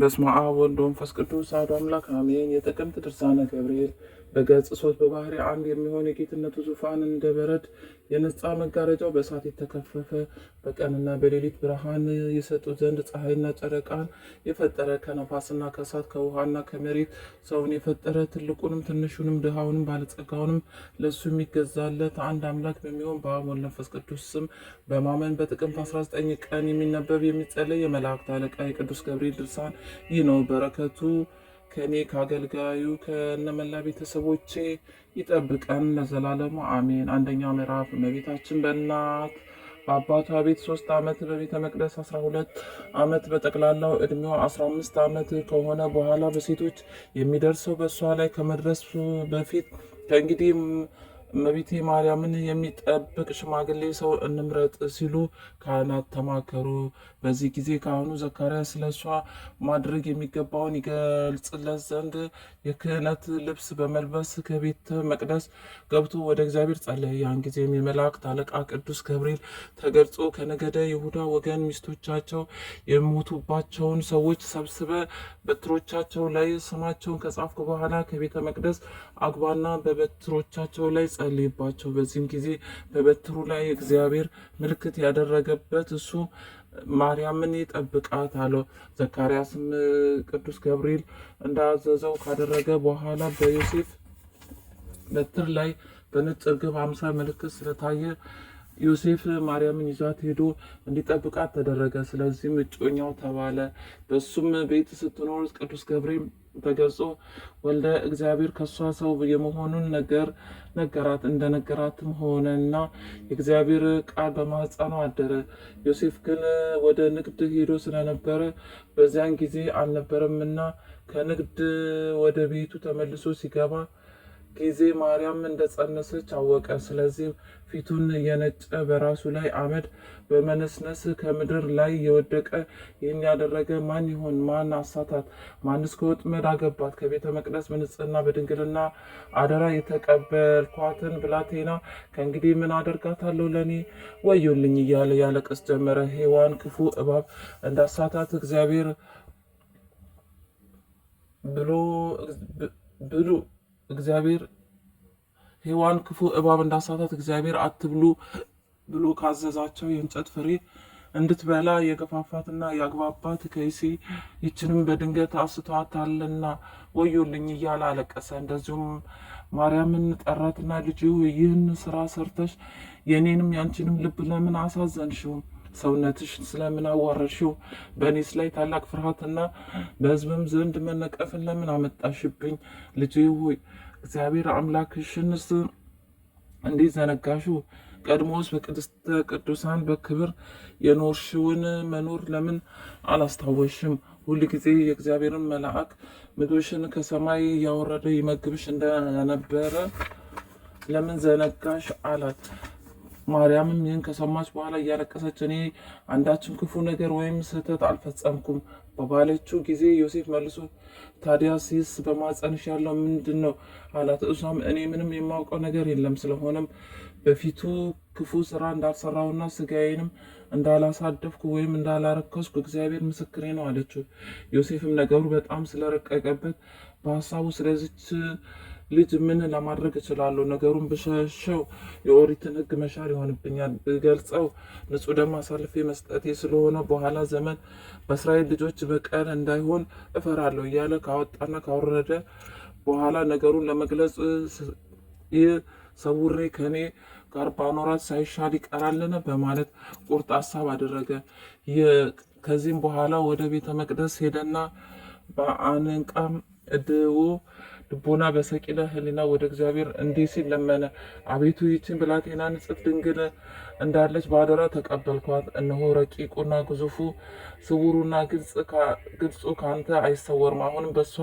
በስመ አብ ወወልድ ወመንፈስ ቅዱስ አሐዱ አምላክ አሜን። የጥቅምት ድርሳነ ገብርኤል በገጽ ሶስት በባህሪ አንድ የሚሆን የጌትነቱ ዙፋን እንደ በረድ የነጻ መጋረጃው በእሳት የተከፈፈ በቀንና በሌሊት ብርሃን የሰጡ ዘንድ ፀሐይና ጨረቃን የፈጠረ ከነፋስና ከእሳት ከውሃና ከመሬት ሰውን የፈጠረ ትልቁንም ትንሹንም ድሃውንም ባለጸጋውንም ለእሱ የሚገዛለት አንድ አምላክ በሚሆን በአብ ወልድ መንፈስ ቅዱስ ስም በማመን በጥቅምት 19 ቀን የሚነበብ የሚጸለይ የመላእክት አለቃ የቅዱስ ገብርኤል ድርሳን ይህ ነው። በረከቱ ከእኔ ከአገልጋዩ ከነመላ ቤተሰቦቼ ይጠብቀን ለዘላለሙ አሜን። አንደኛ ምዕራፍ እመቤታችን በእናት በአባቷ ቤት ሶስት ዓመት በቤተ መቅደስ 12 ዓመት በጠቅላላው እድሜዋ 15 ዓመት ከሆነ በኋላ በሴቶች የሚደርሰው በእሷ ላይ ከመድረስ በፊት ከእንግዲህ እመቤቴ ማርያምን የሚጠብቅ ሽማግሌ ሰው እንምረጥ ሲሉ ካህናት ተማከሩ። በዚህ ጊዜ ካህኑ ዘካርያስ ስለ እሷ ማድረግ የሚገባውን ይገልጽለት ዘንድ የክህነት ልብስ በመልበስ ከቤተ መቅደስ ገብቶ ወደ እግዚአብሔር ጸለየ። ያን ጊዜም የመላእክት አለቃ ቅዱስ ገብርኤል ተገልጾ ከነገደ ይሁዳ ወገን ሚስቶቻቸው የሞቱባቸውን ሰዎች ሰብስበ በትሮቻቸው ላይ ስማቸውን ከጻፍኩ በኋላ ከቤተ መቅደስ አግባና በበትሮቻቸው ላይ የሚጸልይባቸው በዚህም ጊዜ በበትሩ ላይ እግዚአብሔር ምልክት ያደረገበት እሱ ማርያምን ይጠብቃት አለው። ዘካርያስም ቅዱስ ገብርኤል እንዳዘዘው ካደረገ በኋላ በዮሴፍ በትር ላይ በነጭ ርግብ አምሳል ምልክት ስለታየ ዮሴፍ ማርያምን ይዟት ሄዶ እንዲጠብቃት ተደረገ። ስለዚህም እጮኛው ተባለ። በሱም ቤት ስትኖር ቅዱስ ገብርኤል ተገልጾ ወልደ እግዚአብሔር ከእሷ ሰው የመሆኑን ነገር ነገራት። እንደነገራትም ሆነና የእግዚአብሔር ቃል በማህፀኗ አደረ። ዮሴፍ ግን ወደ ንግድ ሄዶ ስለነበረ በዚያን ጊዜ አልነበረምና ከንግድ ወደ ቤቱ ተመልሶ ሲገባ ጊዜ ማርያም እንደጸነሰች አወቀ። ስለዚህ ፊቱን የነጨ በራሱ ላይ አመድ በመነስነስ ከምድር ላይ የወደቀ። ይህን ያደረገ ማን ይሆን? ማን አሳታት? ማንስ ከወጥመድ አገባት? ከቤተ መቅደስ በንጽህና በድንግልና አደራ የተቀበልኳትን ብላቴና ከእንግዲህ ምን አደርጋታለሁ? ለእኔ ወዮልኝ እያለ ያለቅስ ጀመረ። ሔዋን ክፉ እባብ እንዳሳታት እግዚአብሔር ብሎ ብሉ እግዚአብሔር ሔዋን ክፉ እባብ እንዳሳታት እግዚአብሔር አትብሉ ብሎ ካዘዛቸው የእንጨት ፍሬ እንድትበላ የገፋፋትና የአግባባት ከይሲ ይችንም በድንገት አስቷታልና ወዮልኝ እያለ አለቀሰ። እንደዚሁም ማርያምን ጠራትና ልጅ ይህን ስራ ሰርተሽ የእኔንም ያንቺንም ልብ ለምን አሳዘንሽውም? ሰውነትሽ አዋረድሽው? በእኔስ ላይ ታላቅ ፍርሃትና በህዝብም ዘንድ መነቀፍን ለምን አመጣሽብኝ? ልጄ ሆይ እግዚአብሔር አምላክሽንስ እንዴት ዘነጋሽው? ቀድሞስ በቅድስተ ቅዱሳን በክብር የኖርሽውን መኖር ለምን አላስታወሽም? ሁል ጊዜ የእግዚአብሔርን መልአክ ምግብሽን ከሰማይ እያወረደ ይመግብሽ እንደነበረ ለምን ዘነጋሽ? አላት። ማርያምም ይህን ከሰማች በኋላ እያለቀሰች እኔ አንዳችም ክፉ ነገር ወይም ስህተት አልፈጸምኩም በባለችው ጊዜ ዮሴፍ መልሶ ታዲያ ሲስ በማጸንሽ ያለው ምንድን ነው አላት። እሷም እኔ ምንም የማውቀው ነገር የለም፣ ስለሆነም በፊቱ ክፉ ስራ እንዳልሰራውና ስጋዬንም እንዳላሳደፍኩ ወይም እንዳላረከስኩ እግዚአብሔር ምስክሬ ነው አለችው። ዮሴፍም ነገሩ በጣም ስለረቀቀበት በሀሳቡ ስለዚች ልጅ ምን ለማድረግ እችላለሁ? ነገሩን ብሸሸው የኦሪትን ሕግ መሻር ይሆንብኛል። ብገልጸው ንጹህ ደም አሳልፌ መስጠቴ ስለሆነ በኋላ ዘመን በእስራኤል ልጆች በቀል እንዳይሆን እፈራለሁ እያለ ካወጣና ካወረደ በኋላ ነገሩን ለመግለጽ ይህ ሰውሬ ከኔ ጋር ባኖራት ሳይሻል ይቀራልን በማለት ቁርጥ ሀሳብ አደረገ። ከዚህም በኋላ ወደ ቤተ መቅደስ ሄደና በአንንቃም እድው ልቦና በሰቂለ ህሊና ወደ እግዚአብሔር እንዲህ ሲል ለመነ። አቤቱ ይችን ብላቴና ንጽሕት ድንግል እንዳለች በአደራ ተቀበልኳት። እነሆ ረቂቁና ግዙፉ ስውሩና ግልጹ ከአንተ አይሰወርም። አሁንም በእሷ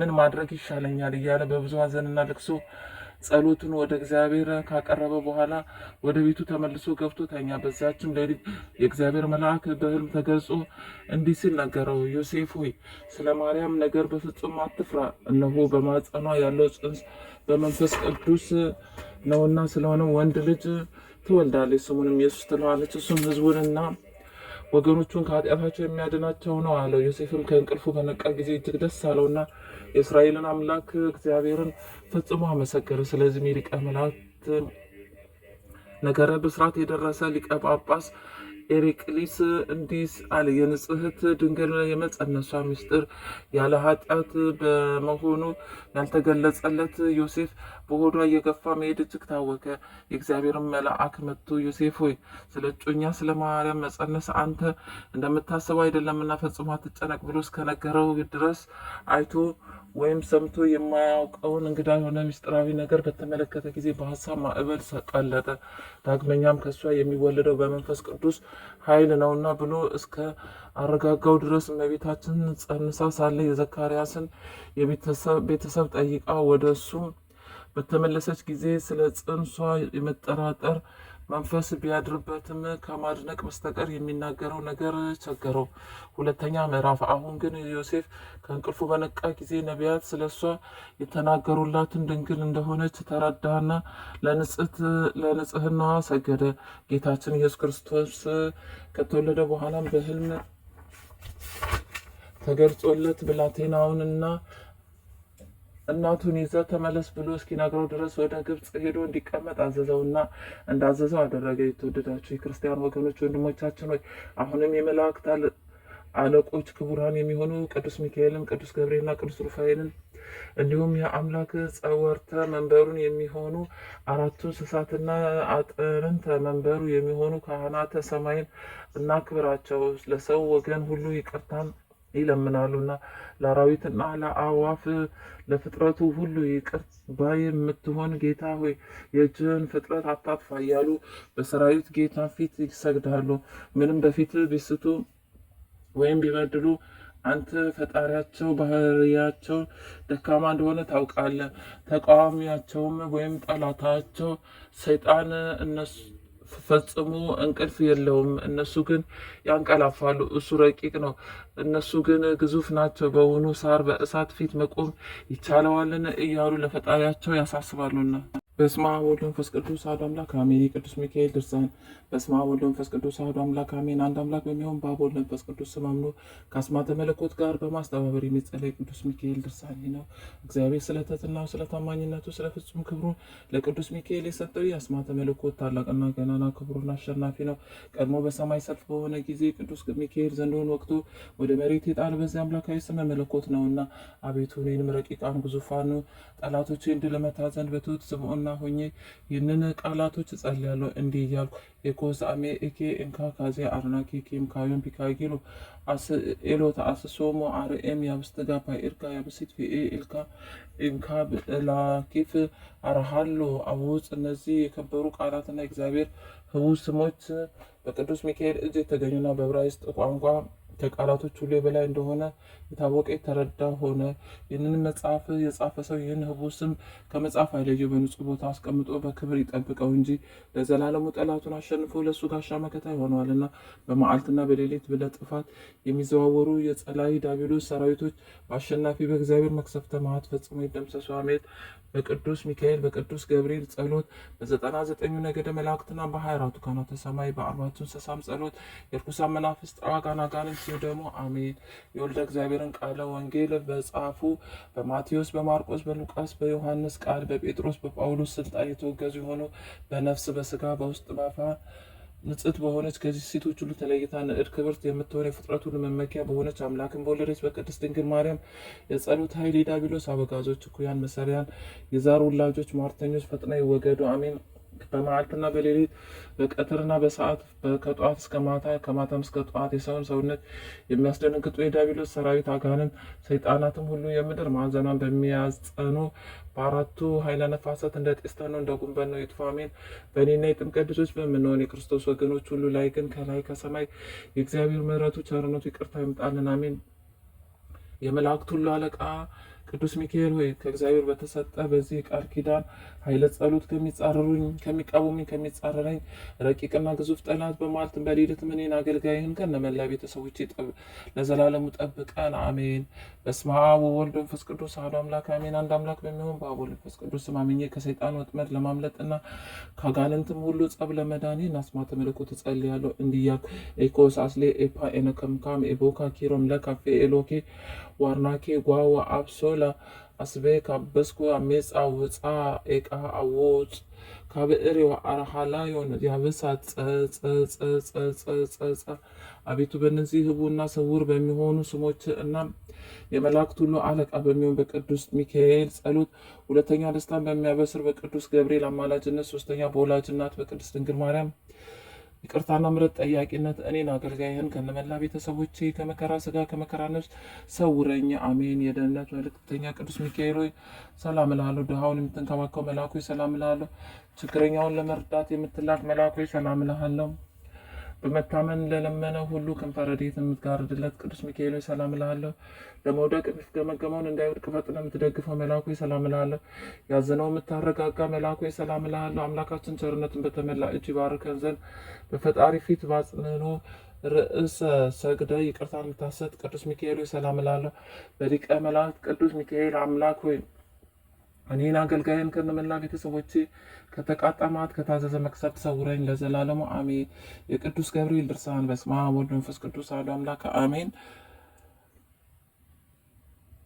ምን ማድረግ ይሻለኛል እያለ በብዙ ሐዘንና ልቅሶ ጸሎቱን ወደ እግዚአብሔር ካቀረበ በኋላ ወደ ቤቱ ተመልሶ ገብቶ ተኛ። በዛችም ሌሊት የእግዚአብሔር መልአክ በህልም ተገልጾ እንዲህ ሲል ነገረው፣ ዮሴፍ ሆይ ስለ ማርያም ነገር በፍጹም አትፍራ፣ እነሆ በማጸኗ ያለው ጽንስ በመንፈስ ቅዱስ ነውና ስለሆነ ወንድ ልጅ ትወልዳለች፣ ስሙንም ኢየሱስ ትለዋለች። እሱም ህዝቡንና ወገኖቹን ከኃጢአታቸው የሚያድናቸው ነው አለው። ዮሴፍም ከእንቅልፉ በነቃ ጊዜ እጅግ ደስ አለውና የእስራኤልን አምላክ እግዚአብሔርን ፈጽሞ አመሰገረ። ስለዚህም የሊቀ መላእክት ነገረ ብስራት የደረሰ ሊቀ ጳጳስ ኤሪቅሊስ እንዲስ አለ የንጽሕት ድንግል የመጸነሷ ምስጢር ያለ ኃጢአት በመሆኑ ያልተገለጸለት ዮሴፍ በሆዷ እየገፋ መሄድ እጅግ ታወቀ። የእግዚአብሔርን መልአክ መጥቶ ዮሴፍ ሆይ ስለ እጮኛ ስለ ማርያም መጸነስ አንተ እንደምታስበው አይደለምና ፈጽሞ አትጨነቅ ብሎ እስከነገረው ድረስ አይቶ ወይም ሰምቶ የማያውቀውን እንግዳ የሆነ ምስጢራዊ ነገር በተመለከተ ጊዜ በሀሳብ ማዕበል ቀለጠ። ዳግመኛም ከእሷ የሚወለደው በመንፈስ ቅዱስ ኃይል ነውና ብሎ እስከ አረጋጋው ድረስ እመቤታችን ጸንሳ ሳለ የዘካርያስን ቤተሰብ ጠይቃ ወደ እሱ በተመለሰች ጊዜ ስለ ጽንሷ የመጠራጠር መንፈስ ቢያድርበትም ከማድነቅ በስተቀር የሚናገረው ነገር ቸገረው። ሁለተኛ ምዕራፍ። አሁን ግን ዮሴፍ ከእንቅልፉ በነቃ ጊዜ ነቢያት ስለ እሷ የተናገሩላትን ድንግል እንደሆነች ተረዳና ለንጽህናዋ ሰገደ። ጌታችን ኢየሱስ ክርስቶስ ከተወለደ በኋላም በህልም ተገልጾለት ብላቴናውንና እናቱን ይዘ ተመለስ ብሎ እስኪነግረው ድረስ ወደ ግብፅ ሄዶ እንዲቀመጥ አዘዘውና እንዳዘዘው አደረገ። የተወደዳችሁ የክርስቲያን ወገኖች፣ ወንድሞቻችን ሆይ አሁንም የመላእክት አለቆች ክቡራን የሚሆኑ ቅዱስ ሚካኤልን፣ ቅዱስ ገብርኤልና ቅዱስ ሩፋኤልን እንዲሁም የአምላክ ጸወርተ መንበሩን የሚሆኑ አራቱ እንስሳትና አጥርንተ መንበሩ የሚሆኑ ካህናተ ሰማይን እናክብራቸው። ለሰው ወገን ሁሉ ይቅርታን ይለምናሉና ለአራዊትና ለአዋፍ ለፍጥረቱ ሁሉ ይቅር ባይ የምትሆን ጌታ ሆይ የእጅህን ፍጥረት አታጥፋ እያሉ በሰራዊት ጌታ ፊት ይሰግዳሉ። ምንም በፊት ቢስቱ ወይም ቢበድሉ አንተ ፈጣሪያቸው ባህርያቸው ደካማ እንደሆነ ታውቃለህ። ተቃዋሚያቸውም ወይም ጠላታቸው ሰይጣን እነሱ ፈጽሞ እንቅልፍ የለውም። እነሱ ግን ያንቀላፋሉ፣ እሱ ረቂቅ ነው፣ እነሱ ግን ግዙፍ ናቸው። በውኑ ሳር በእሳት ፊት መቆም ይቻለዋልን? እያሉ ለፈጣሪያቸው ያሳስባሉና በስመ አብ ወወልድ ወመንፈስ ቅዱስ አሐዱ አምላክ አሜን። የቅዱስ ሚካኤል ድርሳን። በስመ አብ ወወልድ ወመንፈስ ቅዱስ አሐዱ አምላክ አሜን። አንድ አምላክ በሚሆን በአብ ወልድ መንፈስ ቅዱስ ስም አምኖ ከአስማተ መለኮት ጋር በማስተባበር የሚጸለይ ቅዱስ ሚካኤል ድርሳን ነው። እግዚአብሔር ስለ ትሕትናው፣ ስለ ታማኝነቱ፣ ስለ ፍጹም ክብሩ ለቅዱስ ሚካኤል የሰጠው የአስማተ መለኮት ታላቅና ገናና ክብሩና አሸናፊ ነው። ቀድሞ በሰማይ ሰልፍ በሆነ ጊዜ ቅዱስ ሚካኤል ዘንዶውን ወቅቶ ወደ መሬት የጣለ በዚህ አምላካዊ ስመ መለኮት ነውና አቤቱ እኔንም ረቂቃን ግዙፋን ጠላቶቼን ድል እመታ ዘንድ በትሑት ስምዖን ዋና ሆኜ ይህንን ቃላቶች ጸልያለሁ እንዲህ እያልኩ የኮሳሜ እኬ እንካ ካዜ አርናኪ ኪም ካዮን ፒካጊሎ ኤሎታ አስሶሞ አርኤም ያብስትጋ ፓኤርካ ያብሲት ፊ ኤልካ ኢንካ ላኪፍ አርሃሎ አውፅ እነዚህ የከበሩ ቃላትና እግዚአብሔር ህቡ ስሞች በቅዱስ ሚካኤል እጅ የተገኙና በብራይስጥ ቋንቋ ከቃላቶች ሁሉ በላይ እንደሆነ የታወቀ የተረዳ ሆነ። ይህንን መጽሐፍ የጻፈ ሰው ይህን ህቡ ስም ከመጽሐፍ አይለየው፣ በንጹህ ቦታ አስቀምጦ በክብር ይጠብቀው እንጂ ለዘላለሙ ጠላቱን አሸንፎ ለእሱ ጋሻ መከታ ይሆነዋልና። በመዓልትና በሌሊት ለጥፋት የሚዘዋወሩ የጸላይ ዲያብሎስ ሰራዊቶች በአሸናፊ በእግዚአብሔር መክሰፍተ መዓት ፈጽሞ ይደምሰሱ፣ አሜን። በቅዱስ ሚካኤል በቅዱስ ገብርኤል ጸሎት በዘጠና ዘጠኙ ነገደ መላእክትና በሀያ አራቱ ካህናተ ሰማይ በአርባቱ እንስሳም ጸሎት የርኩሳን መናፍስት ጠዋጋን አጋንንት ሲሁ ደግሞ አሜን። የወልደ እግዚአብሔር የእግዚአብሔርን ቃለ ወንጌል በጻፉ በማቴዎስ፣ በማርቆስ፣ በሉቃስ፣ በዮሐንስ ቃል፣ በጴጥሮስ፣ በጳውሎስ ስልጣን የተወገዙ የሆኑ በነፍስ በስጋ በውስጥ ባፋ ንጽት በሆነች ከዚህ ሴቶች ሁሉ ተለይታ ንዕድ ክብርት የምትሆን የፍጥረት ሁሉ መመኪያ በሆነች አምላክን በወለደች በቅድስት ድንግል ማርያም የጸሎት ኃይል የዳቢሎስ አበጋዞች፣ እኩያን፣ መሰሪያን፣ የዛር ወላጆች፣ ማርተኞች ፈጥና ይወገዱ። አሜን። በመዓልትና በሌሊት በቀትርና በሰዓት ከጠዋት እስከ ማታ ከማታም እስከ ጠዋት የሰውን ሰውነት የሚያስደነግጡ የዲያብሎስ ሰራዊት አጋንን ሰይጣናትም ሁሉ የምድር ማዕዘኗን በሚያጸኑ በአራቱ ኃይለ ነፋሳት እንደ ጤስታ ነው እንደ ጉንበን ነው ይጥፋ በእኔና የጥምቀት ልጆች በምንሆን የክርስቶስ ወገኖች ሁሉ ላይ ግን ከላይ ከሰማይ የእግዚአብሔር ምሕረቱ ቸርነቱ ይቅርታ ይምጣልን አሜን። የመላእክት ሁሉ አለቃ ቅዱስ ሚካኤል ሆይ ከእግዚአብሔር በተሰጠ በዚህ ቃል ኪዳን ኃይለ ጸሎት ከሚጻረሩኝ ከሚቃወሙኝ ከሚጻረረኝ ረቂቅና ግዙፍ ጠላት በማለት በሌሊት ምንን አገልጋይህን ከነመላ ቤተሰቦች ለዘላለሙ ጠብቀን አሜን። በስመ አብ ወወልድ ወመንፈስ ቅዱስ አሐዱ አምላክ አሜን። አንድ አምላክ በሚሆን በአብ ወልድ መንፈስ ቅዱስ ስም አምኜ ከሰይጣን ወጥመድ ለማምለጥና ከአጋንንትም ሁሉ ጸብ ለመዳኔ ናስማተ መለኮት እጸልያለሁ እንዲያክ ኤኮስ አስሌ ኤፓ ኤነከምካም ኤቦካ ኪሮም ለካፌ ኤሎኬ ዋርናኬ ጓዋ አብሶላ አስቤ ካበስኩ አሜፃ ውፃ ኤቃ አዎፅ ካብ ብዕር ዮን ያበሳ ፀፀፀፀፀፀ አቤቱ በእነዚህ ህቡና ስውር በሚሆኑ ስሞች እና የመላእክት ሁሉ አለቃ በሚሆን በቅዱስ ሚካኤል ጸሎት፣ ሁለተኛ ደስታን በሚያበስር በቅዱስ ገብርኤል አማላጅነት፣ ሶስተኛ በወላጅ እናት በቅድስት ድንግል ማርያም ይቅርታና ምረት ጠያቂነት እኔን አገልጋይህን ከነመላ ቤተሰቦቼ ከመከራ ስጋ ከመከራ ነፍስ ሰውረኝ። አሜን። የደህንነት መልክተኛ ቅዱስ ሚካኤል ሆይ ሰላም እላለሁ። ድሃውን የምትንከባከው መላኩ ሰላም እላለሁ። ችግረኛውን ለመርዳት የምትላክ መላኩ ሰላም እላለሁ። በመታመን ለለመነ ሁሉ ክንፈ ረድኤት የምትጋርድለት ቅዱስ ሚካኤል ሆይ ሰላም እልሃለሁ። ለመውደቅ የሚፍገመገመውን እንዳይወድቅ ፈጥነ የምትደግፈው መልአክ ሆይ ሰላም እልሃለሁ። ያዘነው የምታረጋጋ መልአክ ሆይ ሰላም እልሃለሁ። አምላካችን ቸርነትን በተመላ እጅ ይባርከን ዘንድ በፈጣሪ ፊት ባጽንኖ ርዕሰ ሰግደ ይቅርታ የምታሰጥ ቅዱስ ሚካኤል ሆይ ሰላም እልሃለሁ። በሊቀ መላእክት ቅዱስ ሚካኤል አምላክ ሆይ እኔን አገልጋይን ከነመላ ቤተሰቦቼ ከተቃጣ መዓት ከታዘዘ መቅሰፍት ሰውረኝ ለዘላለሙ አሜን። የቅዱስ ገብርኤል ድርሳን። በስመ አብ ወወልድ ወመንፈስ ቅዱስ አሐዱ አምላክ አሜን።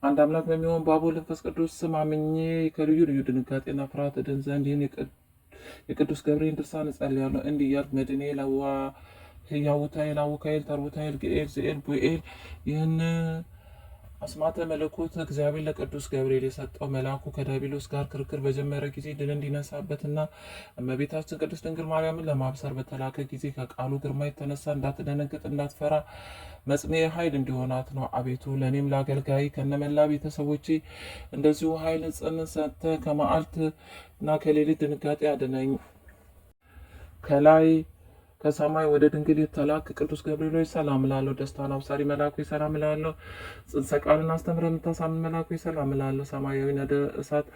አንድ አምላክ በሚሆን በአብ ወልድ መንፈስ ቅዱስ ስም አምኜ ከልዩ ልዩ ድንጋጤና ፍርሃት እድን ዘንድ ይህን የቅዱስ ገብርኤል ድርሳን እጸልያለሁ እንዲህ እያልኩ መድኔ ለዋ ህያውታዬል አውካዬል ተርቡታዬል ግኤል ዝኤል ቡኤል ይህን አስማተ መለኮት እግዚአብሔር ለቅዱስ ገብርኤል የሰጠው መልአኩ ከዳቢሎስ ጋር ክርክር በጀመረ ጊዜ ድል እንዲነሳበትና እመቤታችን ቅድስት ድንግል ማርያምን ለማብሰር በተላከ ጊዜ ከቃሉ ግርማ የተነሳ እንዳትደነግጥ እንዳትፈራ መጽንኤ ኃይል እንዲሆናት ነው። አቤቱ ለእኔም ለአገልጋይ ከነመላ ቤተሰቦች እንደዚሁ ኃይል ጽን ሰጥተ ከመዓልት እና ከሌሊት ድንጋጤ አድነኝ ከላይ ከሰማይ ወደ ድንግል የተላክ ቅዱስ ገብርኤል ሆይ ሰላም እላለሁ። ደስታን አብሳሪ መልአክ ሰላም እላለሁ። ጽንሰ ቃልን አስተምረ የምታሳምን መልአክ ሰላም እላለሁ። ሰማያዊ ነደ እሳት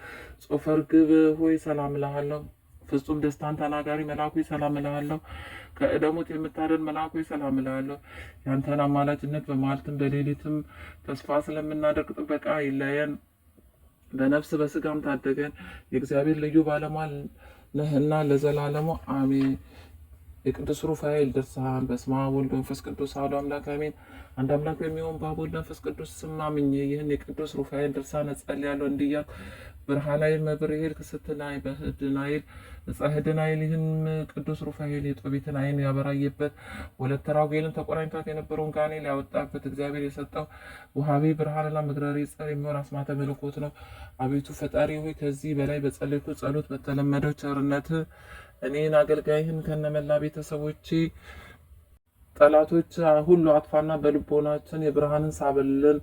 ጾፈ ርግብ ሆይ ሰላም እላለሁ። ፍጹም ደስታን ተናጋሪ መልአክ ሰላም እላለሁ። ከእደሙት የምታደን መልአክ ሰላም እላለሁ። ያንተን አማላጅነት በማልትም በሌሊትም ተስፋ ስለምናደርግ ጥበቃ ይለየን፣ በነፍስ በስጋም ታደገን። የእግዚአብሔር ልዩ ባለሟል ነህና ለዘላለሙ አሜን። የቅዱስ ሩፋኤል ድርሳን በስመ አብ ወወልድ ወመንፈስ ቅዱስ አሐዱ አምላክ አሜን። አንድ አምላክ በሚሆን በአብ ወልድ መንፈስ ቅዱስ ስም አምኜ ይህን የቅዱስ ሩፋኤል ድርሳን እጸልያለሁ እንዲህ እያልኩ ብርሃናይ መብርሄል ክስትናይ በህድናይል ጸህድናይል ይህን ቅዱስ ሩፋኤል የጦቢትን አይን ያበራየበት ሁለት ራጉኤልን ተቆራኝቷት የነበረውን ጋኔል ያወጣበት እግዚአብሔር የሰጠው ውሃቤ ብርሃንና መግረሪ ጸር የሚሆን አስማተ መለኮት ነው። አቤቱ ፈጣሪ ሆይ ከዚህ በላይ በጸለይኩ ጸሎት በተለመደው ቸርነት እኔን አገልጋይህን ከነመላ ቤተሰቦች ጠላቶች ሁሉ አጥፋና በልቦናችን የብርሃንን ሳበልን።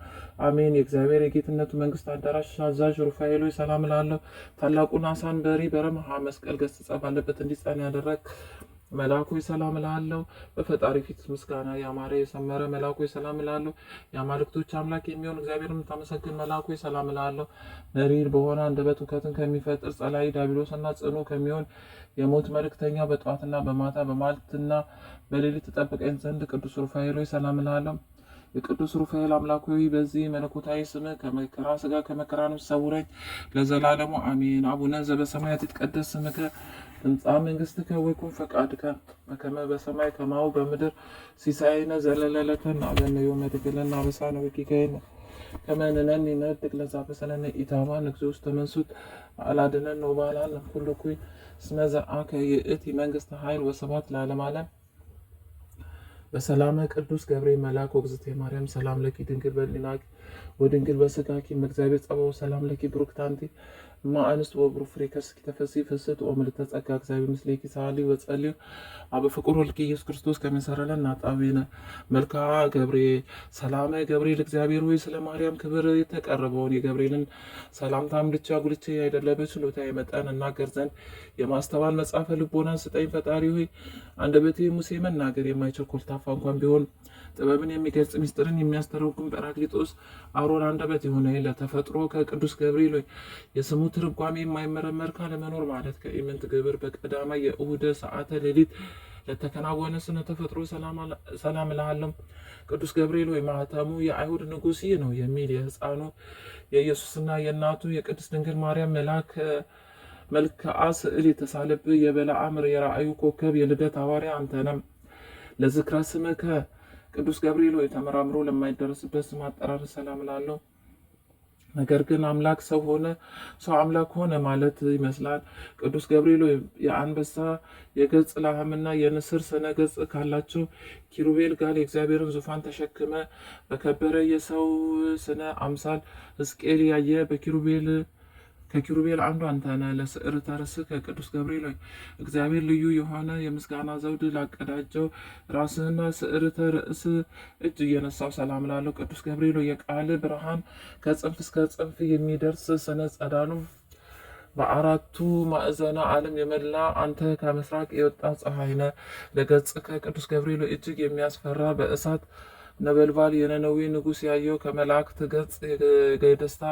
አሜን። የእግዚአብሔር የጌትነቱ መንግስት አዳራሽ አዛዥ ሩፋኤሎ ሰላም ላለሁ ታላቁን አሳንበሪ በረመሃ መስቀል ገስጸ ባለበት እንዲጸን ያደረግ መላኩ ሰላም እልሃለሁ። በፈጣሪ ፊት ምስጋና ያማረ የሰመረ መላኩ ሰላም እልሃለሁ። የአማልክቶች አምላክ የሚሆን እግዚአብሔር የምታመሰግን መላኩ ሰላም እልሃለሁ። መሪር በሆነ አንደበት እውከትን ከሚፈጥር ጸላይ ዲያብሎስና ጽኑ ከሚሆን የሞት መልእክተኛ በጠዋትና በማታ በማልትና በሌሊት ተጠብቀኝ ዘንድ ቅዱስ ሩፋኤል ሰላም እልሃለሁ። የቅዱስ ሩፋኤል አምላኩ ሆይ በዚህ መለኮታዊ ስም ከመከራ ስጋ ከመከራ ነፍስ ሰውረኝ ለዘላለሙ አሜን። አቡነ ዘበሰማያት ይትቀደስ ስምከ ትምጻእ መንግሥትከ ወይኩን ፈቃድከ በከመ በሰማይ ከማሁ በምድር ሲሳየነ ዘለለዕለትነ ሀበነ ዮም ወኅድግለነ አበሳነ ወጌጋየነ ከመ ንሕነኒ ንወድቅ ለዘአበሰለነ ኢታማ እግዚኦ ውስተ መንሱት አላድነን ወባላን ኩሉ ኩይ እስመ ዘአከ ይእቲ መንግስት ኃይል ወስብሐት ለዓለመ ዓለም በሰላመ ቅዱስ ገብርኤል መልአክ ወግዝቴ ማርያም ሰላም ለኪ ድንግል በሊናኪ ወድንግል በስጋኪ መግዛቤ ጸባው ሰላም ለኪ ብሩክታንቲ እማእንስት ወብሩ ፍሬ ከርስኪ ተፈሥሒ ፍስሕት ወምልዕተ ጸጋ እግዚአብሔር ምስሌኪ ሳሊ ወጸልዩ አብ ፍቁር ወልኪ ኢየሱስ ክርስቶስ ከመሰረ ለነ ኃጣውኢነ መልክዓ ሰላመ ገብርኤል እግዚአብሔር ሆይ ስለ ማርያም ክብር የተቀረበውን የገብርኤልን ሰላምታ አምልቼ ጉልቼ አይደለ በችሎታዬ መጠን እናገር ዘንድ የማስተዋል መጽሐፈ ልቦናን ስጠኝ። ፈጣሪ ሆይ አንደበቴ ሙሴ መናገር የማይችል ኮልታፋ እንኳን ቢሆን ጥበብን የሚገልጽ ምስጢርን የሚያስተረጉም ጰራቅሊጦስ አሮን አንደበት የሆነ ለተፈጥሮ ከቅዱስ ገብርኤል የስሙ ትርጓሜ የማይመረመር ካለመኖር ማለት ከኢምንት ግብር በቀዳማ የእሁደ ሰዓተ ሌሊት ለተከናወነ ስነ ተፈጥሮ ሰላም እልሃለሁ ቅዱስ ገብርኤል ወይ ማህተሙ የአይሁድ ንጉሥ ይህ ነው የሚል የህፃኑ የኢየሱስና የእናቱ የቅድስት ድንግል ማርያም መልአክ መልክዓ ስዕል የተሳለብህ የበለዓም የራእዩ ኮከብ የልደት አዋሪ አንተነም ለዝክረ ስምከ ቅዱስ ገብርኤል ሆይ ተመራምሮ ለማይደረስበት ስም አጠራር ሰላም ላለው ነገር ግን አምላክ ሰው ሆነ፣ ሰው አምላክ ሆነ ማለት ይመስላል። ቅዱስ ገብርኤል የአንበሳ የገጽ ላህምና የንስር ስነ ገጽ ካላቸው ኪሩቤል ጋር የእግዚአብሔርን ዙፋን ተሸክመ በከበረ የሰው ስነ አምሳል ሕዝቅኤል ያየ በኪሩቤል ከኪሩቤል አንዱ አንተነህ ለስዕር ተርስ ከቅዱስ ገብርኤል እግዚአብሔር ልዩ የሆነ የምስጋና ዘውድ ላቀዳጀው ራስህና ስዕር ተርዕስ እጅ እየነሳው ሰላም ላለው ቅዱስ ገብርኤል የቃል ብርሃን ከጽንፍ እስከ ጽንፍ የሚደርስ ስነ ጸዳሉ በአራቱ ማዕዘና ዓለም የመላ አንተ ከምስራቅ የወጣ ፀሐይ ነህ። ለገጽ ከቅዱስ ገብርኤል እጅግ የሚያስፈራ በእሳት ነበልባል የነነዌ ንጉሥ ያየው ከመላእክት ገጽ የደስታ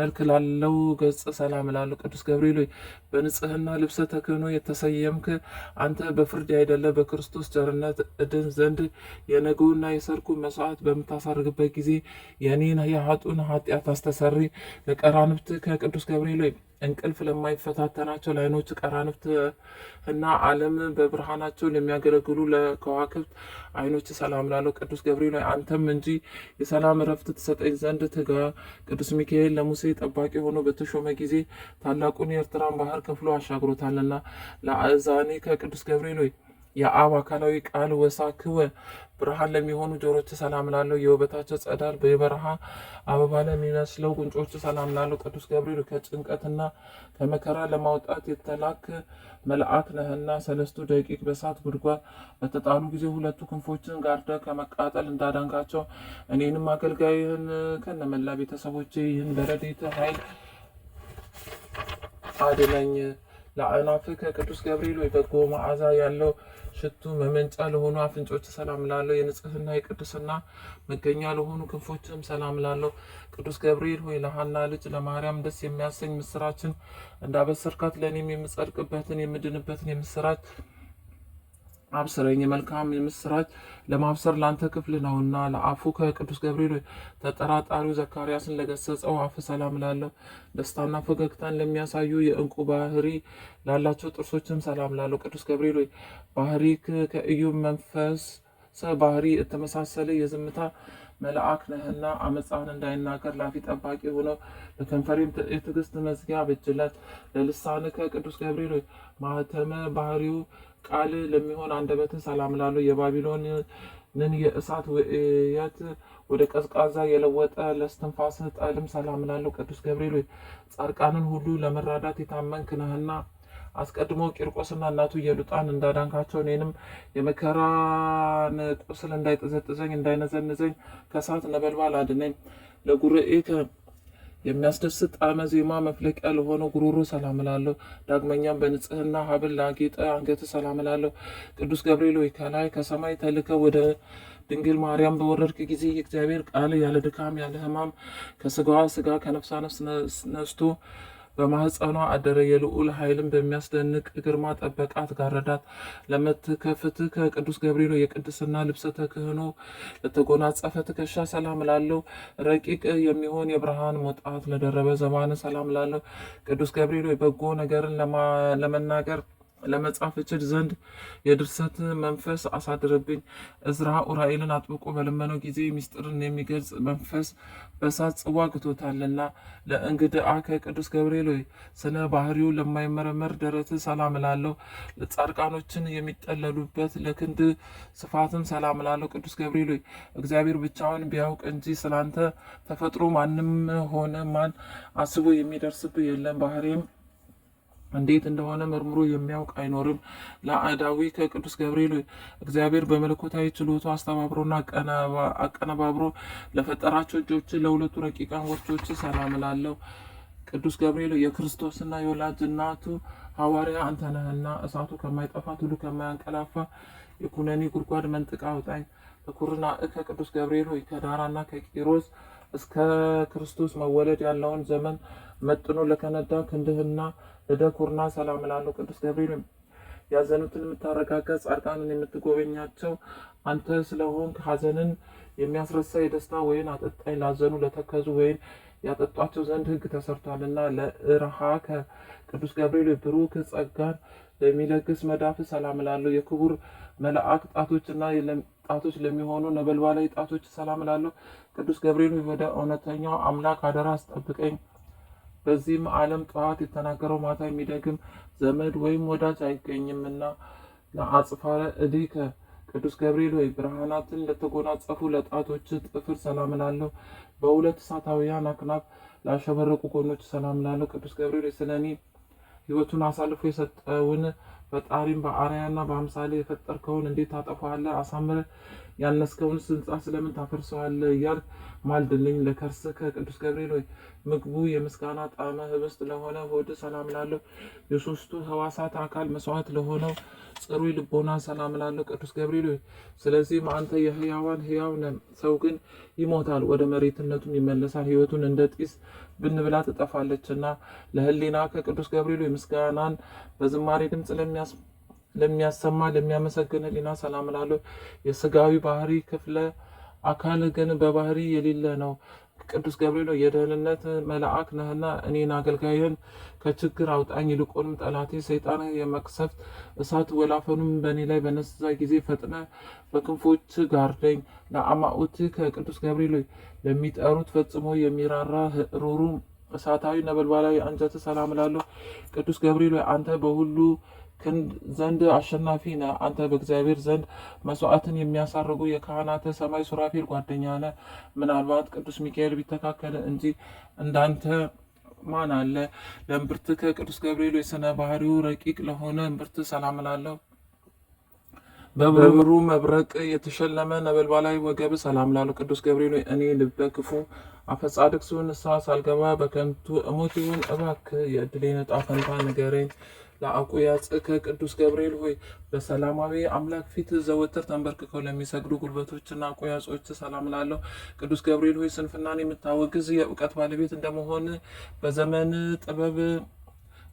መልክ ላለው ገጽ ሰላም እላለሁ። ቅዱስ ገብርኤል ሆይ በንጽህና ልብሰ ተክህኖ የተሰየምክ አንተ በፍርድ አይደለ በክርስቶስ ቸርነት እድን ዘንድ የነገውና የሰርኩ መስዋዕት በምታሳርግበት ጊዜ የኔን የሀጡን ኃጢአት አስተሰሪ ለቀራንብት ከቅዱስ ገብርኤል ሆይ እንቅልፍ ለማይፈታተናቸው ለአይኖች ቀራንብት እና ዓለም በብርሃናቸው ለሚያገለግሉ ለከዋክብት አይኖች ሰላም ላለው ቅዱስ ገብርኤል አንተም እንጂ የሰላም እረፍት ትሰጠኝ ዘንድ ትጋ። ቅዱስ ሚካኤል ለሙሴ ጠባቂ ሆኖ በተሾመ ጊዜ ታላቁን የኤርትራን ባህር ከፍሎ አሻግሮታልና ለአዛኔ ከቅዱስ ገብርኤል የአብ አካላዊ ቃል ወሳክወ ብርሃን ለሚሆኑ ጆሮች ሰላም ላለው የውበታቸው ጸዳል በበረሃ አበባ ለሚመስለው ጉንጮች ሰላም ላለው ቅዱስ ገብርኤል ከጭንቀትና ከመከራ ለማውጣት የተላክ መልአክ ነህና ሰለስቱ ደቂቅ በሳት ጉድጓድ በተጣሉ ጊዜ ሁለቱ ክንፎችን ጋርደ ከመቃጠል እንዳዳንካቸው እኔንም አገልጋይህን ከነመላ ቤተሰቦች ይህን በረዴት ኃይል አድነኝ። ለአእላፍከ ከቅዱስ ገብርኤል ወይ በጎ መዓዛ ያለው ሽቱ መመንጫ ለሆኑ አፍንጮች ሰላም ላለው የንጽህና የቅዱስና መገኛ ለሆኑ ክንፎችም ሰላም ላለው ቅዱስ ገብርኤል ሆይ ለሀና ልጅ ለማርያም ደስ የሚያሰኝ ምስራችን እንዳበሰርካት ለእኔም የምጸድቅበትን የምድንበትን የምስራች አብስረኝ የመልካም የምስራች ለማብሰር ለአንተ ክፍል ነውና ለአፉ ከቅዱስ ገብርኤል ተጠራጣሪው ዘካርያስን ለገሰጸው አፍ ሰላም ላለው ደስታና ፈገግታን ለሚያሳዩ የእንቁ ባህሪ ላላቸው ጥርሶችም ሰላም ላለው ቅዱስ ገብርኤል ሆይ ባህሪ ከእዩ መንፈስ ባህሪ የተመሳሰለ የዝምታ መልአክ ነህና አመፃን እንዳይናገር ላፊ ጠባቂ ሆኖ ለከንፈሬም የትዕግስት መዝጊያ በጅለት ለልሳን ከቅዱስ ገብርኤል ማህተመ ባህሪው ቃል ለሚሆን አንደበትህ ሰላም ላሉ የባቢሎንን የእሳት ውእየት ወደ ቀዝቃዛ የለወጠ ለስትንፋስ ጠልም ሰላም ላለው ቅዱስ ገብርኤል ሆይ ጻድቃንን ሁሉ ለመራዳት የታመንክ ነህና አስቀድሞ ቂርቆስና እናቱ የሉጣን እንዳዳንካቸው እኔንም የመከራን ቁስል እንዳይጠዘጥዘኝ እንዳይነዘንዘኝ ከእሳት ነበልባል አድነኝ ለጉርኤከ የሚያስደስት ጣዕመ ዜማ መፍለቂያ ለሆነው ጉሮሮ ሰላም እላለሁ። ዳግመኛም በንጽህና ሀብል ላጌጠ አንገት ሰላም እላለሁ። ቅዱስ ገብርኤል ሆይ ከላይ ከሰማይ ተልከ ወደ ድንግል ማርያም በወረድክ ጊዜ የእግዚአብሔር ቃል ያለ ድካም ያለ ሕማም ከስጋዋ ስጋ ከነፍሷ ነፍስ ነስቶ በማህፀኗ አደረ። የልዑል ኃይልን በሚያስደንቅ ግርማ ጠበቃ ጋረዳት ለምትከፍት ከቅዱስ ገብርኤል የቅድስና ልብሰ ተክህኖ ለተጎናጸፈ ትከሻ ሰላም ላለው ረቂቅ የሚሆን የብርሃን መውጣት ለደረበ ዘማን ሰላም ላለው ቅዱስ ገብርኤል በጎ ነገርን ለመናገር ለመጻፍ እችል ዘንድ የድርሰት መንፈስ አሳድርብኝ። እዝራ ኡራኤልን አጥብቆ በለመነው ጊዜ ሚስጥርን የሚገልጽ መንፈስ በሳት ጽዋ ግቶታልና። ለእንግድአ ከቅዱስ ገብርኤል ሆይ ስነ ባህሪው ለማይመረመር ደረት ሰላም ላለው ጻድቃኖችን የሚጠለሉበት ለክንድ ስፋትም ሰላም ላለው ቅዱስ ገብርኤል ሆይ እግዚአብሔር ብቻውን ቢያውቅ እንጂ ስላንተ ተፈጥሮ ማንም ሆነ ማን አስቦ የሚደርስብህ የለም። ባህሬም እንዴት እንደሆነ መርምሮ የሚያውቅ አይኖርም። ለአዳዊ ከቅዱስ ገብርኤል እግዚአብሔር በመለኮታዊ ችሎቱ አስተባብሮና አቀነባብሮ ለፈጠራቸው እጆች ለሁለቱ ረቂቃን ወርቾች ሰላም እላለሁ። ቅዱስ ገብርኤል የክርስቶስና የወላጅ እናቱ ሐዋርያ አንተ ነህና እሳቱ ከማይጠፋ ትሉ ከማያንቀላፋ የኩነኔ ጉድጓድ መንጥቃ አውጣኝ። ከኩርና እከ ቅዱስ ገብርኤል ሆይ ከዳራና ከቂሮስ እስከ ክርስቶስ መወለድ ያለውን ዘመን መጥኖ ለከነዳ ክንድህና ለደኩርና ሰላም እላለሁ። ቅዱስ ገብርኤል ያዘኑትን የምታረጋጋ ጻድቃንን የምትጎበኛቸው አንተ ስለሆንክ ሐዘንን የሚያስረሳ የደስታ ወይን አጠጣኝ ላዘኑ ለተከዙ ወይን ያጠጧቸው ዘንድ ሕግ ተሰርቷልና ለእርሃ ከቅዱስ ገብርኤል ብሩክ ጸጋን ለሚለግስ መዳፍ ሰላም ላለው የክቡር መልአክ ጣቶችና ጣቶች ለሚሆኑ ነበልባላዊ ጣቶች ሰላም ላለው ቅዱስ ገብርኤል ወደ እውነተኛው አምላክ አደራ አስጠብቀኝ በዚህም ዓለም ጠዋት የተናገረው ማታ የሚደግም ዘመድ ወይም ወዳጅ አይገኝምና ለአጽፋረ እዴከ ቅዱስ ገብርኤል ወይ ብርሃናትን ለተጎናጸፉ ለጣቶች ጥፍር ሰላም ላለሁ በሁለት እሳታውያን አክናፍ ላሸበረቁ ጎኖች ሰላም ላለሁ ቅዱስ ገብርኤል ስለ እኔ ሕይወቱን አሳልፎ የሰጠውን ፈጣሪም በአርያና በአምሳሌ የፈጠርከውን እንዴት ታጠፋዋለህ? አሳምረ ያነስከውን ስንጻ ስለምን ታፈርሰዋለ? እያል ማልድልኝ ለከርስ ከቅዱስ ገብርኤል ወይ ምግቡ የምስጋና ጣመ ህብስት ለሆነ ሆድ ሰላም ላለው የሶስቱ ህዋሳት አካል መስዋዕት ለሆነው ጽሩይ ልቦና ሰላም ላለው ቅዱስ ገብርኤል ወይ ስለዚህም አንተ የህያዋን ህያው ነ ሰው ግን ይሞታል፣ ወደ መሬትነቱም ይመለሳል። ህይወቱን እንደ ጢስ ብንብላ ትጠፋለችና ለህሊና ከቅዱስ ገብርኤል የምስጋናን በዝማሬ ድምፅ ለሚያሰማ ለሚያመሰግን ህሊና ሰላም የስጋዊ ባህሪ ክፍለ አካል ግን በባህሪ የሌለ ነው። ቅዱስ ገብርኤል የደህንነት መልአክ ነህና እኔን አገልጋይህን ከችግር አውጣኝ። ይልቁንም ጠላቴ ሰይጣን የመቅሰፍት እሳት ወላፈኑም በእኔ ላይ በነሳ ጊዜ ፈጥነ በክንፎች ጋርደኝ። ለአማኦት ከቅዱስ ገብርኤል ለሚጠሩት ፈጽሞ የሚራራ ሩሩ እሳታዊ ነበልባላዊ አንጀት ሰላም ቅዱስ ገብርኤል አንተ በሁሉ ዘንድ አሸናፊ ነ አንተ በእግዚአብሔር ዘንድ መስዋዕትን የሚያሳርጉ የካህናተ ሰማይ ሱራፌል ጓደኛ ነ። ምናልባት ቅዱስ ሚካኤል ቢተካከል እንጂ እንዳንተ ማን አለ? ለእምብርትከ ከቅዱስ ገብርኤል የሥነ ባህሪው ረቂቅ ለሆነ እምብርት ሰላም ላለሁ በብሩ መብረቅ የተሸለመ ነበልባላዊ ወገብ ሰላም ላሉ ቅዱስ ገብርኤል እኔ ልበ ክፉ አፈጻድቅ ስሆን ንስሐ ሳልገባ በከንቱ እሞት ይሁን። እባክህ የዕድሌን ዕጣ ፈንታ ንገረኝ። ለአቁያጽከ ቅዱስ ገብርኤል ሆይ በሰላማዊ አምላክ ፊት ዘወትር ተንበርክከው ለሚሰግዱ ጉልበቶችና አቁያጾች ሰላም ላለው ቅዱስ ገብርኤል ሆይ ስንፍናን የምታወግዝ የእውቀት ባለቤት እንደመሆን በዘመን ጥበብ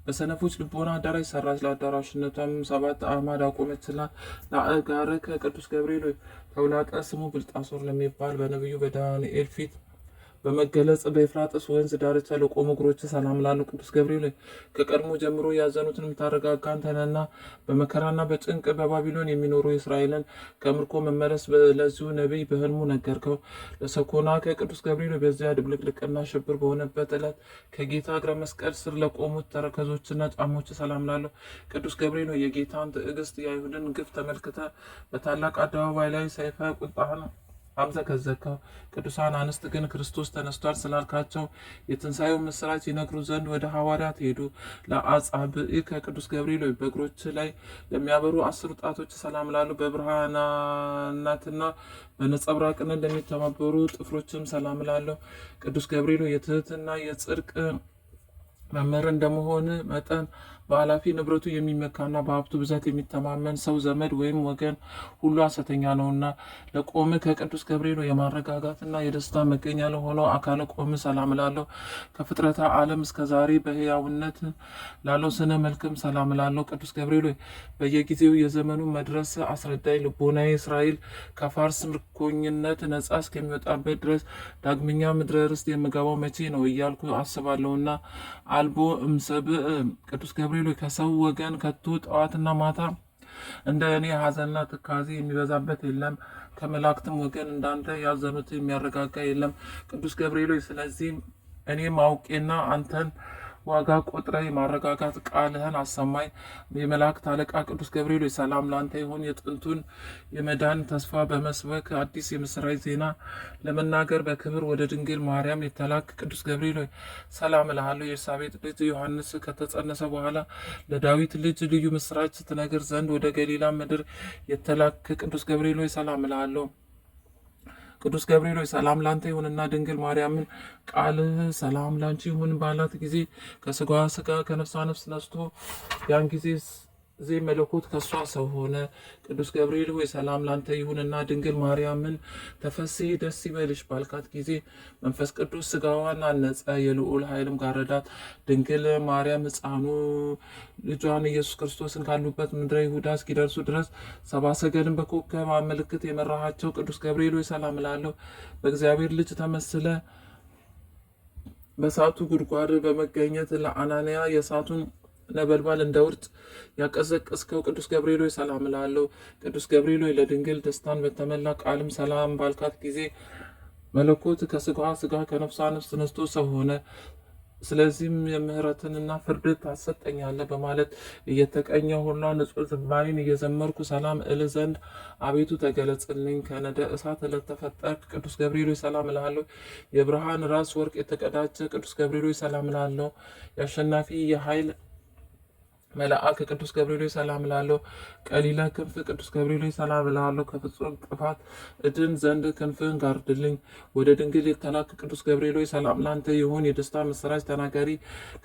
በሰነፎች ልቦና አዳራሽ ሰራች። ለአዳራሽነቷም ሰባት አዕማድ አቆመችላት። ለአጋርከ ቅዱስ ገብርኤል ሆይ ተውላጠ ስሙ ብልጣሶር ለሚባል በነቢዩ በዳንኤል ፊት በመገለጽ በኤፍራጥስ ወንዝ ዳርቻ ለቆሙ እግሮች ሰላም ላሉ ቅዱስ ገብርኤል ከቀድሞ ጀምሮ ያዘኑትን የምታረጋጋ አንተነና በመከራና በጭንቅ በባቢሎን የሚኖሩ እስራኤልን ከምርኮ መመለስ ለዚሁ ነቢይ በህልሙ ነገርከው። ለሰኮና ከቅዱስ ገብርኤል በዚያ ድብልቅልቅና ሽብር በሆነበት ዕለት ከጌታ እግረ መስቀል ስር ለቆሙት ተረከዞችና ጫሞች ሰላም ላለው ቅዱስ ገብርኤል የጌታን ትዕግስት የአይሁድን ግፍ ተመልክተ በታላቅ አደባባይ ላይ ሰይፈ ነው አብዘቀዘከው ቅዱሳን አንስት ግን ክርስቶስ ተነስቷል ስላልካቸው የትንሣኤው ምስራች ይነግሩ ዘንድ ወደ ሐዋርያት ሄዱ። ለአጻብዕ ከቅዱስ ገብርኤል በእግሮች ላይ ለሚያበሩ አስር ጣቶች ሰላም ላሉ በብርሃናትና በነጸብራቅነት ለሚተባበሩ ጥፍሮችም ሰላም ላለው ቅዱስ ገብርኤል የትህትና የጽድቅ መምህር እንደመሆን መጠን በኃላፊ ንብረቱ የሚመካና በሀብቱ ብዛት የሚተማመን ሰው ዘመድ ወይም ወገን ሁሉ ሐሰተኛ ነውና ለቆም ከቅዱስ ገብርኤል የማረጋጋትና የደስታ መገኛ ለሆነው አካለ ቆም ሰላም ላለው ከፍጥረታ ዓለም እስከ ዛሬ በህያውነት ላለው ስነ መልክም ሰላም ላለው ቅዱስ ገብርኤል በየጊዜው የዘመኑ መድረስ አስረዳይ ልቦና እስራኤል ከፋርስ ምርኮኝነት ነጻ እስከሚወጣበት ድረስ ዳግመኛ ምድረ ርስት የምገባው መቼ ነው እያልኩ አስባለሁና አልቦ እምሰብእ ቅዱስ ገብርኤል ገብርኤል ከሰው ወገን ከቶ ጠዋትና ማታ እንደ እኔ ሐዘንና ትካዜ የሚበዛበት የለም። ከመላእክትም ወገን እንዳንተ ያዘኑት የሚያረጋጋ የለም። ቅዱስ ገብርኤል ስለዚህ እኔም አውቄና አንተን ዋጋ ቆጥረ የማረጋጋት ቃልህን አሰማኝ። የመላእክት አለቃ ቅዱስ ገብርኤል ሰላም ላንተ ይሁን። የጥንቱን የመዳን ተስፋ በመስበክ አዲስ የምስራች ዜና ለመናገር በክብር ወደ ድንግል ማርያም የተላክ ቅዱስ ገብርኤል ሰላም እልሃለሁ። የኤልሳቤጥ ልጅ ዮሐንስ ከተጸነሰ በኋላ ለዳዊት ልጅ ልዩ ምስራች ትነግር ዘንድ ወደ ገሊላ ምድር የተላክ ቅዱስ ገብርኤል ሰላም እልሃለሁ። ቅዱስ ገብርኤል ሆይ ሰላም ላንተ ይሁንና ድንግል ማርያምን ቃል ሰላም ላንቺ ይሁን ባላት ጊዜ ከስጋዋ ስጋ ከነፍሷ ነፍስ ነስቶ ያን ጊዜ እዚህ መለኮት ከእሷ ሰው ሆነ። ቅዱስ ገብርኤል ሆይ ሰላም ላንተ ይሁንና ድንግል ማርያምን ተፈሴ ደስ ይበልሽ ባልካት ጊዜ መንፈስ ቅዱስ ስጋዋን አነጸ፣ የልዑል ኃይልም ጋረዳት። ድንግል ማርያም ሕፃኑ ልጇን ኢየሱስ ክርስቶስን ካሉበት ምድረ ይሁዳ እስኪደርሱ ድረስ ሰባ ሰገልን በኮከብ ምልክት የመራሃቸው ቅዱስ ገብርኤል ሆይ ሰላም እላለሁ። በእግዚአብሔር ልጅ ተመስለ በእሳቱ ጉድጓድ በመገኘት ለአናንያ የእሳቱን ነበልባል እንደ ውርጭ ያቀዘቀዝከው ቅዱስ ገብርኤል ሆይ ሰላም እላለሁ። ቅዱስ ገብርኤል ሆይ ለድንግል ደስታን በተመላ ቃልም ሰላም ባልካት ጊዜ መለኮት ከስጋዋ ስጋ ከነፍሷ ነፍስ ተነስቶ ሰው ሆነ። ስለዚህም የምህረትንና ፍርድ ታሰጠኛለህ በማለት እየተቀኘ ሁላ ንጹሕ ዝማሬን እየዘመርኩ ሰላም እል ዘንድ አቤቱ ተገለጽልኝ። ከነደ እሳት ለተፈጠርክ ቅዱስ ገብርኤል ሰላም እላለሁ። የብርሃን ራስ ወርቅ የተቀዳጀ ቅዱስ ገብርኤል ሰላም እላለሁ። የአሸናፊ የኃይል መልአክ ቅዱስ ገብርኤል ሰላም ላለሁ ቀሊለ ክንፍ ቅዱስ ገብርኤል ሰላም ላለሁ ከፍጹም ጥፋት እድን ዘንድ ክንፍን ጋርድልኝ። ወደ ድንግል የተላክ ቅዱስ ገብርኤል ሰላም ላንተ ይሁን። የደስታ ምስራች ተናጋሪ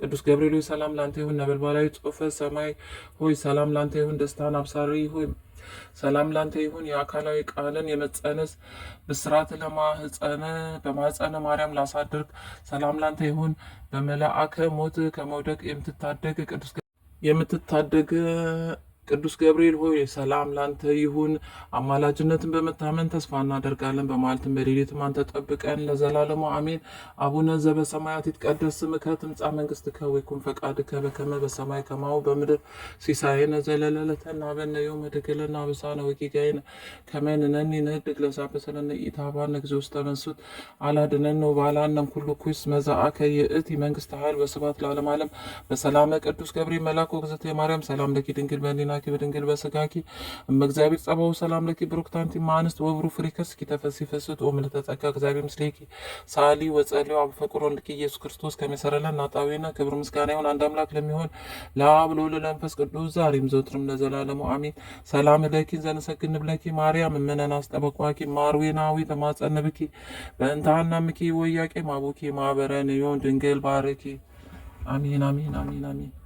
ቅዱስ ገብርኤል ሰላም ላንተ ይሁን። ነበልባላዊ ጽሑፈ ሰማይ ሆይ ሰላም ላንተ ይሁን። ደስታን አብሳሪ ሆይ ሰላም ላንተ ይሁን። የአካላዊ ቃልን የመጸነስ ብስራት ለማህፀነ በማህፀነ ማርያም ላሳድርግ ሰላም ላንተ ይሁን። በመልአከ ሞት ከመውደቅ የምትታደግ ቅዱስ የምትታደግ ቅዱስ ገብርኤል ሆይ ሰላም ላንተ ይሁን፣ አማላጅነትን በመታመን ተስፋ እናደርጋለን በማለትም በሌሊትም አንተ ጠብቀን ለዘላለሙ አሜን። አቡነ ዘበሰማያት ይትቀደስ ስምከ ትምጻእ መንግስትከ ወይኩን ፈቃድከ በከመ በሰማይ ከማሁ በምድር ሲሳየነ ዘለለዕለትነ ሀበነ ዮም ወኅድግ ለነ አበሳነ ወጌጋየነ ከመ ንሕነኒ ንኅድግ ለዘአበሰለነ ኢታብአነ እግዚኦ ውስተ መንሱት አላድነነ ወባልሐነ ኩሉ ኩስ መዛአከ ይእቲ መንግስት ኃይል ወስብሐት ለዓለመ ዓለም። በሰላመ ቅዱስ ገብርኤል መልአኩ እግዝእትየ ማርያም ሰላም ለኪ ድንግል በኅሊና በስጋኪ በድንግል በስጋኪ እመእግዚአብሔር ጸባው ሰላም ለኪ ብሩክታንቲ ማንስት ወብሩ ፍሪከስ ኪተፈሲ ፈስት ኦ ምልዕተ ጸጋ እግዚአብሔር ምስሌኪ ሳሊ ወጸሊ አብ ፍቅር ወንድኪ ኢየሱስ ክርስቶስ ከመሰረለን ናጣዊና ክብር ምስጋና ይሁን አንድ አምላክ ለሚሆን ለአብ ለወልድ ለመንፈስ ቅዱስ ዛሬም ዘውትርም ለዘላለሙ አሚን። ሰላም ለኪ ዘንሰግድ ብለኪ ማርያም እምነን አስጠበቋኪ ማርዌናዊ ተማጸነብኪ በእንታና ምኪ ወያቄ ማቡኪ ማበረን ዮን ድንግል ባርኪ አሚን አሚን አሚን አሚን።